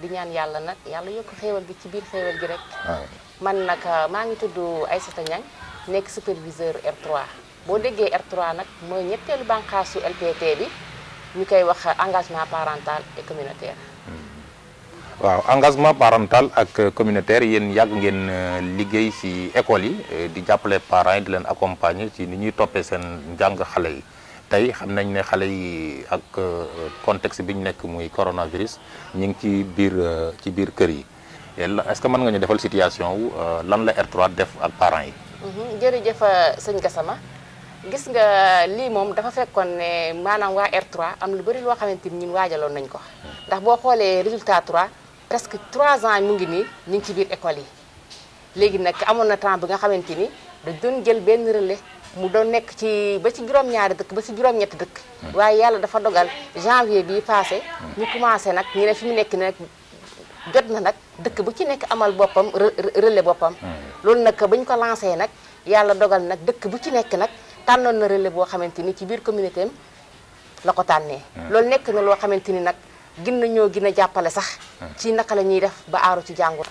di ñaan yàlla nag yàlla yokk xewal bi ci biir xewal gi rek man nak ah, ma ngi tuddu Aïssata Niang nek superviseur R3 bo déggé R3 nak mo ñettel bankasu LPT bi ñu kay wax engagement parental et communautaire hmm. waaw engagement parental ak communautaire yeen yag ngeen euh, liggéey ci école yi euh, di jàppale parents di len accompagner ci ni ñuy topé sen jang xalé yi tey xam nañ ne xale yi ak euh, contexte bi ñu nekk muy coronavirus ñu ngi ci biir euh, ci biir kër yi est-ce que mën nga ñu defal situation wu euh, lan la R3 def ak parents yi. Mhm, jërëjëf sëñ Gassama gis nga lii moom dafa fekkoon ne maanaam waa R3 am lu bëri loo xamante ni ñun waajaloon nañ ko ndax boo xoolee résultat 3 presque trois ans mu ngi nii ñu ngi ci biir école yi léegi nag amoon na temps bi nga xamante ni dañ doon jël benn relais. mu doon nekk ci ba ci juróom-ñaari dëkk ba ci juróom-ñetti dëkk. waaye yàlla dafa dogal janvier bii passé. ñu commencé nag ñu ne fi mu nekk nag jot na nag dëkk bu ci nekk amal boppam relais boppam. Hmm. loolu nag ba ko lancé nag yàlla dogal nag dëkk bu ci nekk nag tànnoon na relais boo xamante ni ci biir communauté am la ko tànnee. Hmm. loolu nekk na loo xamante ni nag gën ñoo gën a jàppale sax. Hmm. ci naka la ñuy def ba aaru ci jàngoro.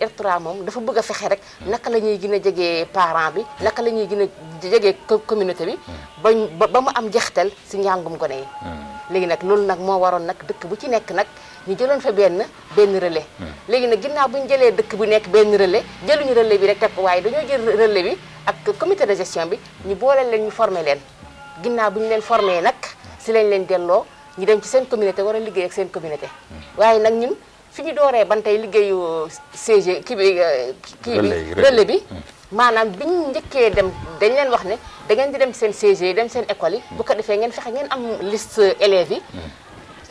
R3 moom dafa bëgg a fexe rek naka la ñuy gën a jegee parent bi naka la ñuy gën jegee communauté bi ba ba mu am jeextal si njàngum gone yi hmm. léegi nag loolu nag moo waroon nag dëkk bu ci nekk nag ñu jëloon fa benn benn relais hmm. léegi nag ginnaaw bu ñu jëlee dëkk bu nekk benn relais jëluñu relais bi rek teg waaye dañoo jël relais bi ak comité de gestion bi ñu boole leen ñu formé leen ginnaaw bu ñu leen formé nag si lañ leen delloo ñu dem ci seen communauté war a liggéey ak seen communauté hmm. fi ñu dooree ban tey liggéeyu CG kii bi euh, kii bi relais bi hmm. maanaam bi ñu njëkkee dem dañ leen wax ne da ngeen di dem seen CG yi dem seen école yi hmm. bu ko defee ngeen fexe ngeen am liste élèves yi hmm.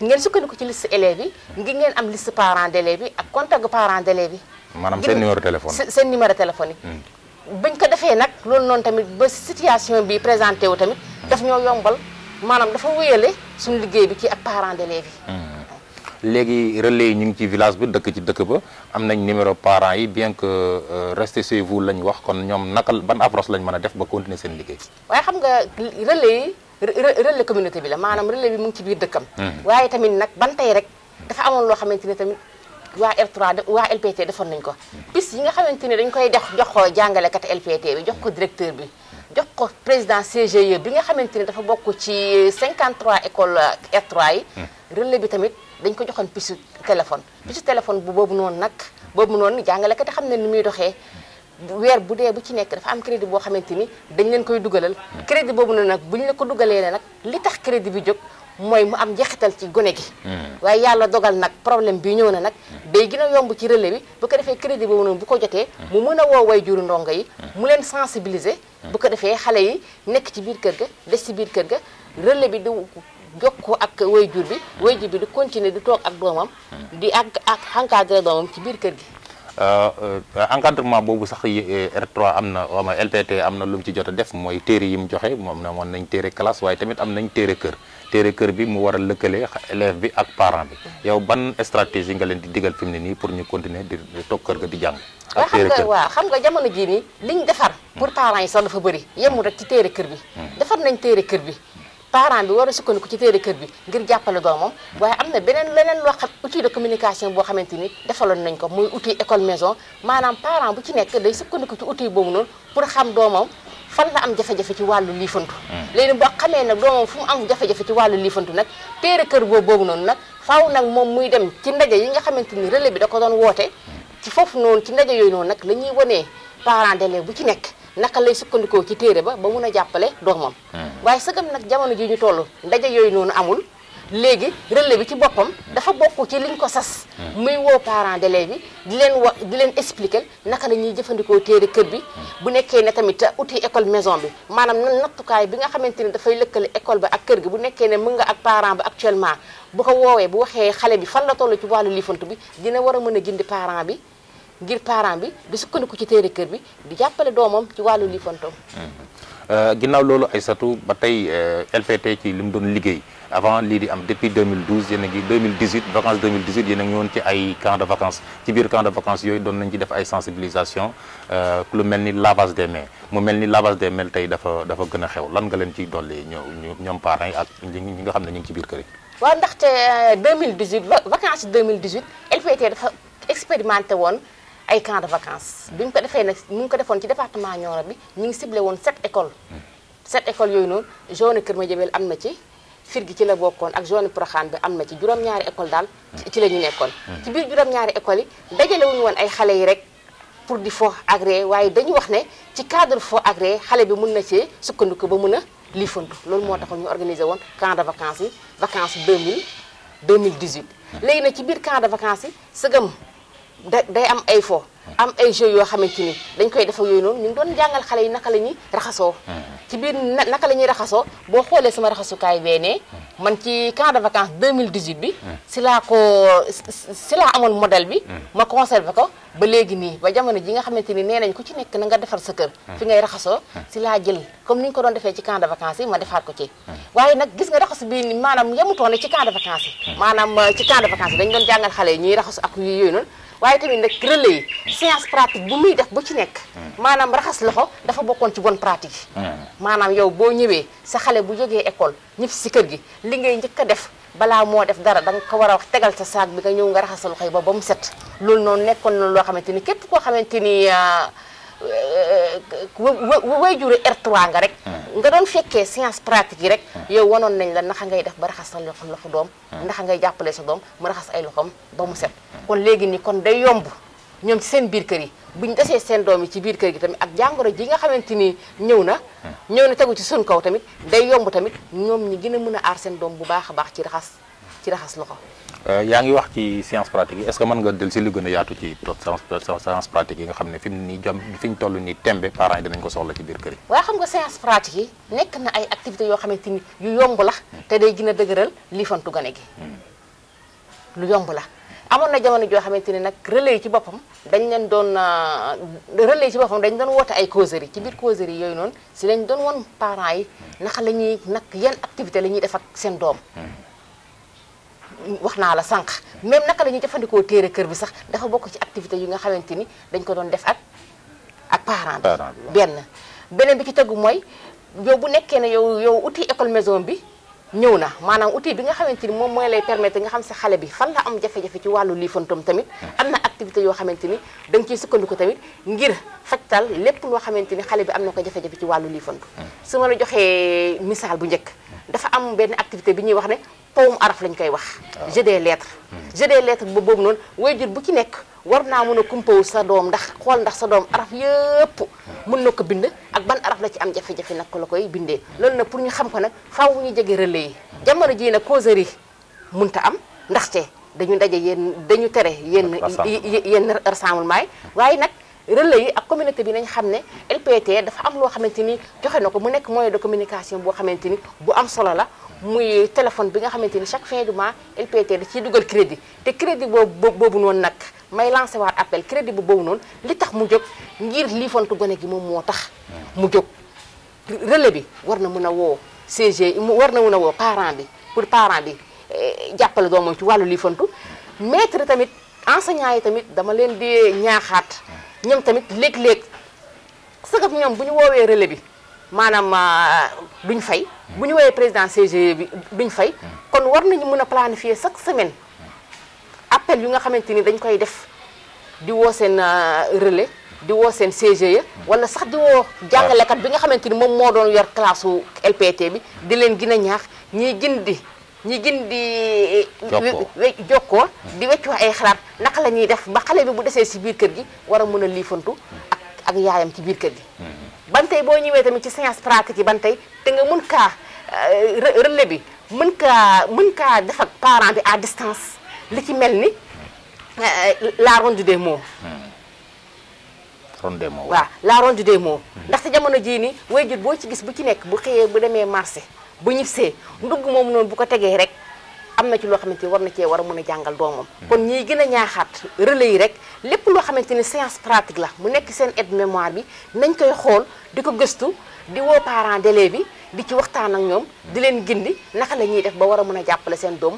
ngeen sukkandiku ci liste élèves yi ngi ngeen am liste parents d'élèves yi ak contact parents d'élèves yi maanaam seen numéro seen numéro téléphone bañ ko defee nag loolu noonu tamit ba situation bi présenté wu tamit daf ñoo yombal maanaam dafa wéyale suñu liggéey bi ci ak parents d'élèves yi léegi relais yi ñu ngi ci village bi dëkk ci dëkk ba am nañ numéro parents yi bien que euh, restez chez vous lañ wax kon ñoom nakal ban approche lañ mën a def ba continuer seen liggéey. waaye xam nga relais yi relais communauté bi la maanaam relais bi mu ngi ci biir dëkkam. Hmm. waaye tamit nag ban tey rek dafa amoon loo xamante ne tamit. waa R3 waa LPT defoon nañ ko bis yi nga xamante ne dañ koy dex jox ko jàngalekat LPT bi jox ko directeur bi jox ko président CGE bi nga xamante ne dafa bokk ci 53 école euh, r yi hmm. relais bi tamit dañ ko joxoon pisu téléphone pisu téléphone bu boobu noonu nag boobu noonu jàngalekat yi xam ne ni muy doxee weer bu dee bu ci nekk dafa am crédit boo xamante ni dañ leen koy dugalal crédit boobu noonu nag bu ñu la ko dugalee ne nag li tax crédit bi jóg mooy mu am njeexital ci gone gi hmm. waaye yàlla dogal nag problème bi ñëw na nag hmm. day gën a yomb ci relais bi bu ko defee crédit boobu noonu bu ko jotee hmm. mu mën a woo way juru ndongo yi mu leen sensibiliser bu ko defee xale yi nekk ci biir kër ga des ci biir kër ga relais bi du jokkoo ak wayjur bi wayjur bi di continuer di toog ak doomam hmm. di ak ak encadré doomam ci biir kër gi euh, euh, encadrement boobu sax euh, R3 am na wama LTT am na lu mu ci jot a def mooy téere yi mu joxe moom na moon nañ téere classe waaye tamit am nañ téere kër téere kër bi mu war a lëkkale élève bi ak parent bi hmm. yow ban stratégie nga leen di digal fi mu ne nii pour ñu continuer di toog kër ga di jàng waaw xam nga waaw xam nga jamono jii nii liñ defar pour hmm. parents yi sax dafa bëri yemul ci téere kër bi defar nañ kër bi parent bi war a sukkandiku ci téere kër bi ngir jàppale doomam waaye am na beneen leneen loo xam outil de communication boo xamante ni defaloon nañ ko muy outil école maison maanaam parent bu ci nekk day sukkandiku ci outil boobu noonu pour xam doomam fan la am jafe ci wàllu liifantu hmm. léegi boo xamee nag doomam fu mu ci wàllu liifantu nag téere kër boobu boobu noonu nag faaw nag moom muy dem ci ndaje yi nga xamante ni relais bi da ko doon woote hmm. ci foofu noonu ci ndaje yooyu noonu nag la ñuy wanee parent d'élève bu ci nekk naka lay sukkandikoo ci téere ba ba mun a jàppale doomam hmm. waaye sëgam nag jamono ji ñu toll ndaje yooyu noonu amul léegi relais bi ci boppam dafa bokk ci liñ ko sas hmm. muy woo parents d'élèves bi di leen wa di leen expliquer naka la ñuy jëfandikoo téere kër bi hmm. bu nekkee ne tamit uti école maison bi maanaam nan nattukaay bi nga xamante ni dafay lëkkale école ba ak kër gi bu nekkee ne mënga nga ak parent ba actuellement bu ko woowee bu waxee xale bi fan la toll ci wàllu liifantu bi dina war a mën a gindi bi ngir parent bi di sukkandiku ci téere kër bi di jàppale doomam ci wàllu liifantoom euh, ginnaaw loolu Aïssatou ba tey euh, LPT ci lim doon liggéey avant lii di am depuis 2012 yéen a ngi 2018 vacances 2018 yéen a ngi woon ci ay camp de vacances ci biir camp de vacances yooyu doon nañ ci def ay sensibilisation euh, lu mel ni lavage des mains mu mel ni lavage des mains tey dafa dafa gën a xew lan nga leen ci dolli ñoo ñoom parents yi ak ñi nga xam ne ñu ngi ci biir kër yi. waaw ndaxte 2018 vacances 2018 LPT dafa expérimenté woon ay camp de vacances bi ñu ko defé nag mu ngi ko defone ci département Nioro bi ñi ngi ciblé woon sept écoles 7 écoles yoy noonu zone Kër Madiabel am na ci Firgi ci la bokone ak zone Porokhane bi amna ci juroom ñaari école daal ci la ñu nekkoon ci biir juroom ñaari école yi dajale wuñu won ay xalé yi rek pour di fo agré waye dañu wax né ci cadre fo agré xalé bi mun na see sukkandiku ba mëna a liifantu loolu moo ñu organiser won camp de vacances yi vacances 2000 2018 légui na ci biir camp de vacances yi sëgam day am ay fo am ay jeux yoo xamante ni dañ koy def ak yooyu noonu ñu ngi doon jàngal xale yi naka la ñuy raxasoo hmm. ci biir naka la ñuy raxasoo boo xoolee sama raxasukaay bee ne hmm. man ci camp de vacances 2018 bi hmm. si laa ko si laa amoon modèle bi ma conservé ko ba léegi nii nga xamante ni nee nañ ku nekk nga defar sa kër fi laa jël ko doon defee ci camp de vacances yi ma defaat ko ci waaye nag gis nga raxasu bi ni maanaam yemutoon ci camp de yi maanaam euh, ci camp de yi dañ doon jàngal xale yi ñuy raxasu ak yooyu noonu waaye tamit nag relais yi science pratique bu muy def bu ci nekk hmm. maanaam raxas loxo dafa bokkoon ci bonne pratique yi hmm. maanaam yow boo ñëwee sa xale bu jógee école ñëpp si kër gi li ngay njëkk a def balaa moo def dara danga ko war a wax tegal sa saak bi nga ñëw nga raxas sa loxo yi ba ba set loolu noonu nekkoon na loo xamante ni képp koo xamante ni way jure R3 nga rek hmm. nga doon fekkee science pratique yi rek yow nañ la ndax ngay def ba raxas sa loxo doom ndax ngay jàppale sa doom mu raxas ay loxoom ba mu set kon léegi nii kon day yomb ñoom ci seen biir kër yi bu ñu desee seen doom yi ci biir kër gi tamit ak jàngoro ji nga xamante ni ñëw na ñëw ni tegu ci sun kaw tamit day yomb tamit ñoom ñi gën a mën seen doom bu baax a baax ci raxas ci raxas loxo euh, yaa ngi wax ci science pratique yi est-ce si lu a yaatu ci science pratique ne fi mu nii ñu toll nii tembe parents yi dinañ ko soxla ci biir kër yi waaw xam nga science pratique yi nekk na ay activités yoo xamante ni yu yomb la te day gën a dëgëral liifantu gane gi hmm. lu yomb la amoon na jamono joo xamante ni nag relais yi ci boppam dañ leen doon euh, relais yi ci boppam dañ doon woote ay causerie ci biir causerie yooyu noonu si lañ doon woon parents yi naka lañuy ñuy nag yan activité la ñuy def ak seen doom wax naa la sanq même naka lañuy ñuy jëfandikoo téere kër bi sax dafa bokk ci activité yi nga xamante ni dañ ko doon def ak ak parent bi benn beneen bi ci tegu mooy yow bu nekkee ne yow yow uti école maison bi ñëw na maanaam outil bi nga xamante ni moom mooy lay permettre nga xam sa xale bi fan la am jafe-jafe ci wàllu liifantoom tamit hmm. am na activité yoo xamante ni da nga sukkandiku tamit ngir fajtal lépp loo xamante ni xale bi am na ko jafe-jafe ci wàllu liifantu hmm. su ma la joxee misaal bu njëkk hmm. dafa am benn activité bi ñuy wax ne powum araf lañ koy wax ah. jeu des lettres jeu des lettres boobu noonu waajur bu ci nekk war naa mën a kumpawu sa doom ndax xool ndax sa doom araf yëpp mun na ko bind ak ban araf la ci am jafe-jafe nag ko la koy bindee loolu nag pour ñu xam ko nag faaw ñu jege relais yi jamono jii nag causerie munta am ndaxte dañu ndaje yéen dañu tere yéen yéen rassemblement yi waaye nag relais yi ak communauté bi nañ xam ne LPT dafa am loo xamante ni joxe na ko mu nekk moyen de communication boo xamante ni bu am solo la muy téléphone bi nga xamante ni chaque fin du ciy dugal crédit te crédit boobu boobu noonu nag may lancé waat appel crédit bu boobu noonu li tax mu jóg ngir liifantu gone gi moom moo tax mu jóg relais bi war na mën a woo CG war na mën a woo parent bi pour parent bi eh, jàppale doomam ci wàllu liifantu maître tamit enseignant yi tamit dama leen di ñaaxaat ñoom tamit léeg-léeg sagab ñoom bu ñu woowee relais bi maanaam euh, duñ fay bu ñu woowee président CG bi duñ fay kon war nañu mën a planifier chaque semaine appel yu nga xamante ni dañ koy def di woo seen euh, relais di woo seen ya wala sax di woo jàngalekat bi nga xamante ni moom moo doon yor classe u LPT bi di leen gën a ñaax ñiy gën di ñi gën di jokkoo di weccoo ay xalaat naka la ñuy def ba xale bi bu desee si biir kër gi wara mun a liifantu ak ak yaayam ci biir kër gi mm-hmm. ban tey boo ñëwee tamit ci science pratique yi ban tey te nga mën kaa euh, relais bi mën kaa mun kaa def parent bi à distance li ci mel ni euh, la ronde des mots. Hmm. ronde waaw la rondu de moom hmm. ndax ci jamono jii nii waajur boo ci gis bu ci nekk bu xëyee bu demee marché bu ñibsee ndugg moom noonu bu ko tegee rek am na ci loo xamante ni war na cee war a mën a jàngal doomam. Hmm. kon ñiy gën a ñaaxaat relais yi rek lépp loo xamante ni séance pratique la mu nekk seen aide mémoire bi nañ koy xool di ko gëstu di woo parents d'élèves bi di ci waxtaan ak ñoom. di leen gindi naka la ñuy def ba war a mun a jàppale seen doom.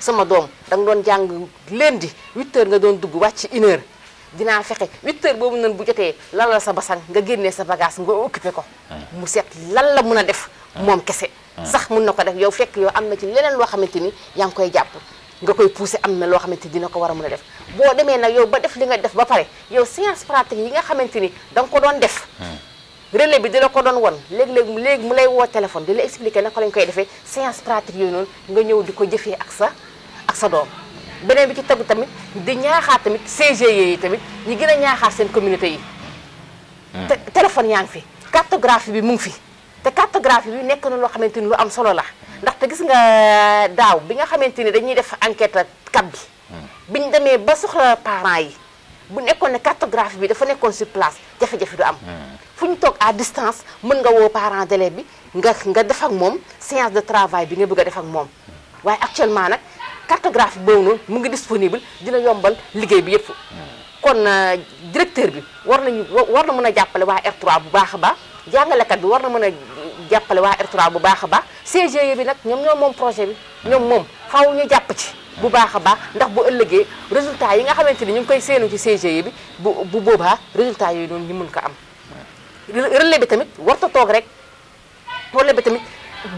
sama dom dang don jang lendi 8 heures nga don dugg wacc 1 heure dina fexé 8 heures bobu non bu jotté lan la sa basang nga génnee sa bagage nga occupé ko ah. mu seet lan la mëna def ah. mom kessé ah. sax mën nako def yow fekk yow amna ci leneen lo xamanteni yang koy japp nga koy pousser amna lo xamanteni dina ko wara mëna def bo démé nak yow ba def li nga def ba paré yow science pratique yi nga xamanteni dang ko don def relais bi dina ko don won lég lég lég mu lay wo téléphone di expliquer nak naka lañ koy défé séance pratique yoy non nga ñëw diko jëfé ak sa ak sa doom benen bi ci tegu tamit di ñaaxaat tamit CGE yi tamit ñi gëna a ñaaxaat seen communauté yi. Ah. te téléphone yaa fi. cartographie bi mu ngi fi te cartographie bi nekk na lo xamanteni lu am solo la ndaxte gis nga euh, daaw bi nga xamanteni dañuy def enquête kat bi. Ah. biñ démé ba soxla parents yi bu nekkone cartographie bi dafa nekkone sur place jafé jafé du am. Ah. fuñ tok à distance mën nga wo parents d'élève bi nga nga def ak mom séance de travail bi nga bëgg def ak mom waye actuellement nak cartographie boobu noonu mu ngi disponible dina yombal liggéey bi yëpp. kon euh, directeur bi war nañu war na mun a jàppale waa R3 bu baax a baax jàngalekat bi war na mën a jàppale waa r bu baax a baax CGE bi nag ñoom ñoom moom projet bi ñoom moom xaw ñu jàpp ci bu baax a baax ndax bu ëllëgee résultat yi nga xamante ni ñu ngi koy seenu ci CGE bi bu bu boobaa résultat yooyu noonu ñu mën ko am relais bi tamit warta toog rek relais bi tamit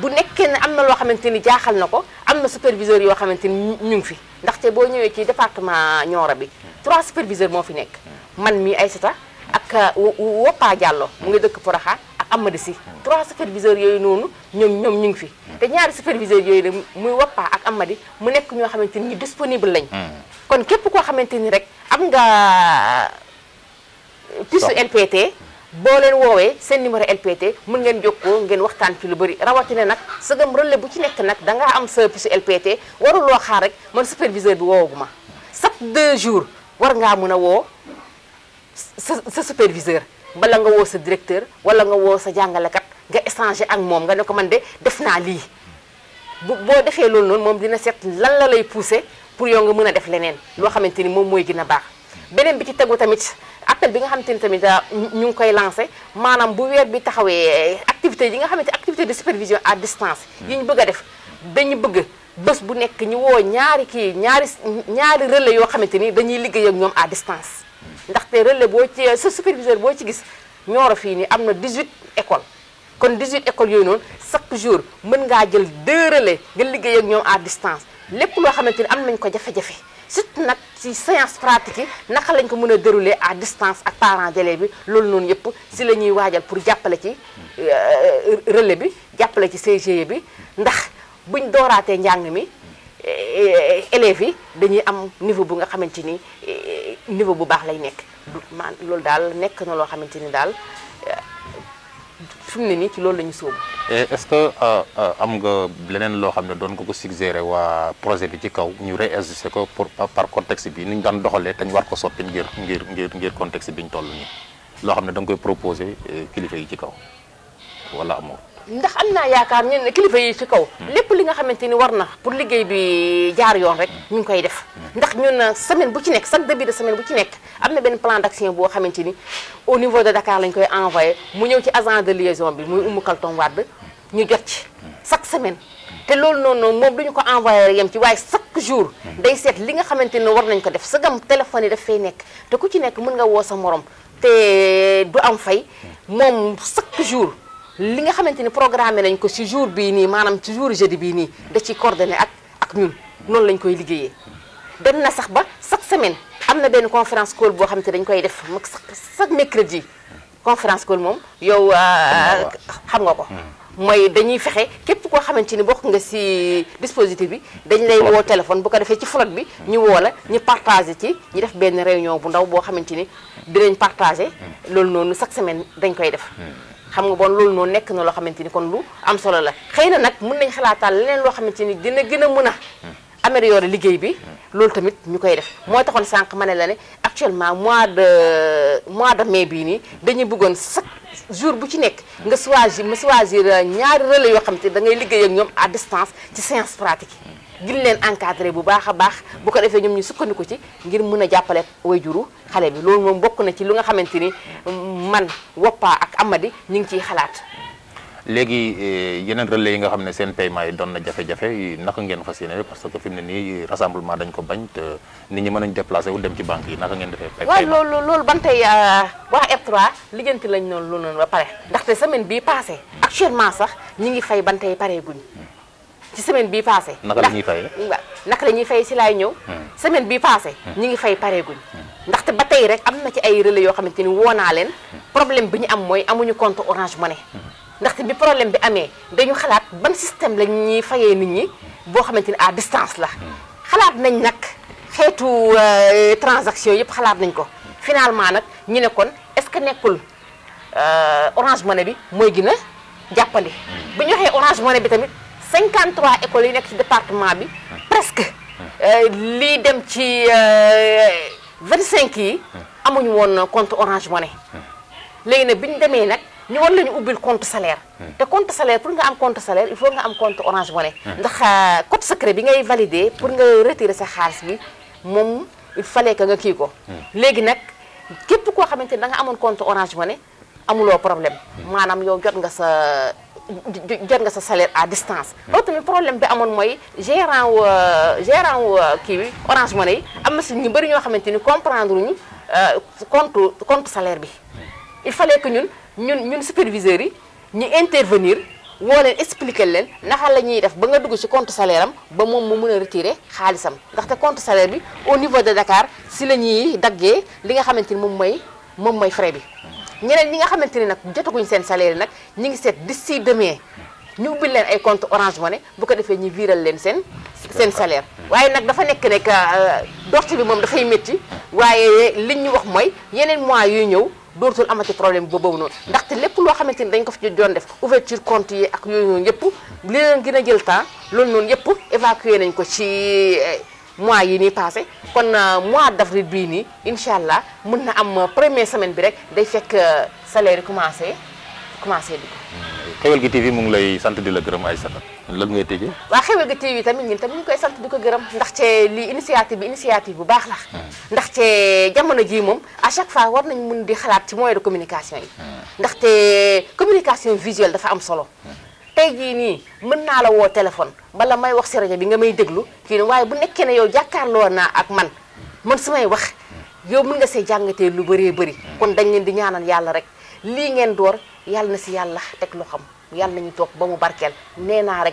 bu nekkee ne am na loo xamante ni jaaxal na ko am na superviseur yoo xamante ni ñu ngi fi ndaxte boo ñëwee ci département Nioro bi trois superviseur moo fi nekk man mii Aïssata ak euh, Woppa Diallo mu ngi dëkk Poraxa ak Amady Si trois superviseurs yooyu noonu ñoom ñoom ñu ngi fi hmm. te ñaari superviseur yooyu nag muy Woppa ak Amady mu nekk ñoo xamante ni disponible lañ hmm. kon képp koo xamante ni rek am nga euh, puce LPT boo leen woowee seen numéro LPT mën ngeen jokkoo ngeen waxtaan ci lu bëri rawatina nag sëgam relais bu ci nekk nag da am sa puce LPT waruloo xaar rek man superviseur bi woowaguma chaque deux jours war ngaa mën a woo sa sa superviseur bala nga woo sa directeur wala nga woo sa jàngalekat nga échanger ak moom nga ne ko man de def naa lii bu boo defee loolu noonu moom dina seet lan la lay pousser pour yow nga mën a def leneen loo xamante ni moom mooy gën a baax. beneen bi ci tegu tamit appel bi nga xamante ni tamit euh, ñu ngi koy lancé maanaam bu weer bi taxawee euh, activité yi nga xamante activité de supervision à distance hmm. yi ñu bëgg a def dañu bëgg bës bu nekk ñu woo ñaari kii ñaari ñaari relais yoo xamante ni dañuy liggéey ak ñoom à distance hmm. ndaxte relais boo ci euh, sa superviseur boo ci gis ñooro fii nii am na 18 école kon 18 écoles yooyu noonu chaque jour mën ngaa jël deux relais nga liggéey ak ñoom à distance lépp loo xamante ni am nañ ko jafe surtout nag ci séance pratique yi naka lañ ko mën a dérouler à distance ak parents d'élèves bi loolu noonu yëpp si la ñuy waajal pour jàppale ci euh, relais bi jàppale ci CGE bi ndax buñ dooraatee njàng mi eh, élève yi dañuy am niveau bu nga xamante ni eh, niveau bu baax lay nekk loolu daal nekk na loo xamante ni daal eh, fi ne nii ci loolu la ñu sóobu est-ce que euh, euh, am nga leneen loo xam ne doon nga ko suggéré waa projet bi ci kaw ñu réajuster ko pour par contexte bi ni ñu daan doxalee te ñu war ko soppi ngir ngir ngir ngir contexte bi ñu toll nii loo xam ne da koy proposé euh, kilifa yi ci kaw wala amoo. ndax am naa yaakaar ñun ne kilifa yi ci kaw hmm. lépp li nga xamante ni war na pour liggéey bi jaar yoon rek hmm. ñu ngi koy def hmm. ndax ñun semaine bu ci nekk chaque début de semaine bu ci nekk am na benn plan d'action boo xamante ni au niveau de Dakar lañ koy envoyé mu ñëw ci agent de liaison bi muy Oumou Kaltom Wade ñu jot ci chaque semaine te loolu noonu moom duñu ko envoyé yem ci waaye chaque jour day seet li nga xamante ni war nañ ko def sagam téléphone yi daf fay nekk te ku ci nekk mën nga woo sa morom te du am fay moom chaque jour li nga xamante ni programme nañ ko ci jour bii nii maanaam ci jour jeudi bii nii da ciy coordonné ak ak ñun noonu lañ koy liggéeyee. dem na sax ba chaque semaine am na benn conférence call boo xamante dañ koy def mag chaque mercredi conférence call moom yow. Euh, xam nga ko. mooy dañuy fexe képp koo xamante ni bokk nga ci dispositif bi dañ lay woo téléphone bu ko defee ci flotte bi ñu woo la ñu ci ñu def benn réunion bu ndaw boo xamante ni dinañ partagé loolu noonu chaque semaine dañ koy def xam nga bon loolu noonu nekk na loo xamante ni kon lu am solo la xëy na nag mën nañ xalaataal leneen loo xamante ni dina gën a mën a améliorer liggéey bi loolu tamit ñu koy def moo taxoon sànq ma ne la ne actuellement mois de mois de mai bii nii dañuy bëggoon chaque jour bu ci nekk nga choisir ma choisir ñaari relais yoo xam ni da ngay liggéey ak ñoom à distance ci séance pratique gin leen encadré bu baax a baax bu ko defee ñoom ñi sukkandiku ci ngir mën a jàppale wayjuru xale bi loolu moom bokk na ci lu nga xamante ni mm, man Woppa ak Amady ñu ngi ciy xalaat. léegi e, yeneen relais yi nga xam ne seen paiement yi doon na jafe-jafe naka ngeen fas yéene parce que fi ne nii rassemblement dañ ko bañ te nit ñi mën nañ déplacé u dem ci banque yi naka ngeen defee. waaw loolu loolu ban tey euh, waa F3 lijjanti lañ noonu lu noonu ba pare ndaxte semaine bii passé actuellement sax ñi ngi fay ban yi pareeguñ ci semaine bii passé naka la ñuy fay naka la ñuy si laay ñëw hmm. semaine bii passé hmm. ñi ngi fay pareeguñ hmm. ndaxte ba tey rek am na ci ay relais yoo xamante ni woo naa leen problème bi ñu am mooy amuñu compte Orange Money ndaxte bi problème bi amee dañu xalaat ban système la ñuy fayee nit ñi boo xamante ni à distance la xalaat nañ nag xeetu euh, transaction yëpp xalaat nañ ko finalement nag ñu nekkoon est-ce que nekkul euh, Orange Money bi mooy gën a jàppandi bu ñu waxee Orange Money bi tamit 53 écoles yi nekk ci département bi presque euh, lii dem ci euh, cinq yi amuñu woon compte Orange Money léegi nag bi ñu demee nag ñu war lañu ubbil compte salaire te compte salaire pour nga am compte salaire il faut nga am compte Orange Money ndax euh, code secret bi ngay valider pour nga retirer sa xaalis bi moom il fallait nga kii ko léegi nag képp koo xamante ni da nga amoon compte Orange Money amuloo problème maanaam yow jot nga sa jot nga sa salaire à distance. loolu tamit problème bi amoon mooy gérant wu euh, gérant wu euh, kii bi Orange yi am na si ñu bëri ñoo xamante ni comprendre ñu euh, compte compte salaire bi. il fallait que ñun ñun ñun superviseurs yi ñu intervenir woo leen expliquer leen naka la ñuy def ba nga dugg ci compte salaire am ba moom mu mën a retirer xaalisam ndaxte compte salaire bi au niveau de Dakar si la ñuy daggee li nga xamante ni moom mooy moom mooy frais bi. ñeneen ñi nga xamante ni nag jotaguñ seen salaire nag ñi ngi seet dis d'ici demain ñu ubbi leen ay compte orange ne bu ko defee ñu viral leen seen seen salaire waaye nag dafa nekk nekk euh, doxte bi moom dafay métti waaye li ñu wax mooy yeneen mois yuy ñëw doortul amati problème bu boobu noonu ndaxte lépp loo xamante ni dañ ko fi doon def ouverture compte yi ak yooyu noonu yëpp li leen gën a jël temps loolu noonu yëpp évacuer nañ ko ci euh, mois yi nii passé kon euh, mois d'avril bii nii incha allah mun na am euh, première semaine bi rek day fekk euh, salaire yi commencé commencé di ko Xeweul gi TV mu ngi lay sant di la gërëm Aïssata lan ngay tëjee waaw Xeweul gi TV tamit ñun tamit ñu koy sant di ko gërëm ndax ndaxte lii initiative bi initiative bu baax la hmm. ndaxte jamono jii moom à chaque fois war nañ mun di xalaat ci moyen de communication yi hmm. ndaxte communication visuelle dafa am solo hmm. tay ji ni mën naa la wo téléphone bala may wax si rajo bi nga may déglu kii ne yo bu nekkee na yow jàkkaarloo naa ak man man sumay wax yow mën nga see jàngatee lu bëree bëri kon dañ leen di ñaanal yàlla rek li ngeen door yàlla na si yàlla teg xam ba mu rek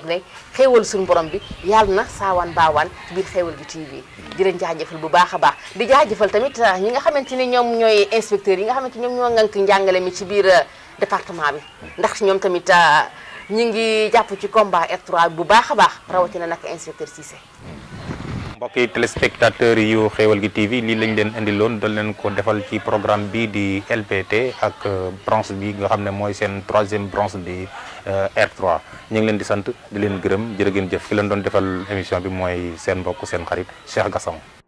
ne xéewal suñu borom bi na sawan bawan bi xéewal TV di leen jaajëfal bu baax baax di jaajëfal tamit ah, ñi nga xamante ni ñoom ñooy yi nga xamante ñoom ñoo ngànk njàngale mi ci biir ah, département bi ndax tamit ah, ñu ngi jàpp ci combat baax 3 bu baax a baax rawatina nag inspecteur Cissé. mbokki téléspectateurs yu xéewal gi TV lii lañ leen indiloon doon leen ko defal ci programme bi di LPT ak euh, branche bi nga xam ne mooy seen troisième branche bi R3 ñu ngi leen di sant di leen gërëm jërë ngeen jëf ki leen doon defal émission bi mooy seen mbokk seen xarit Cheikh Gassama.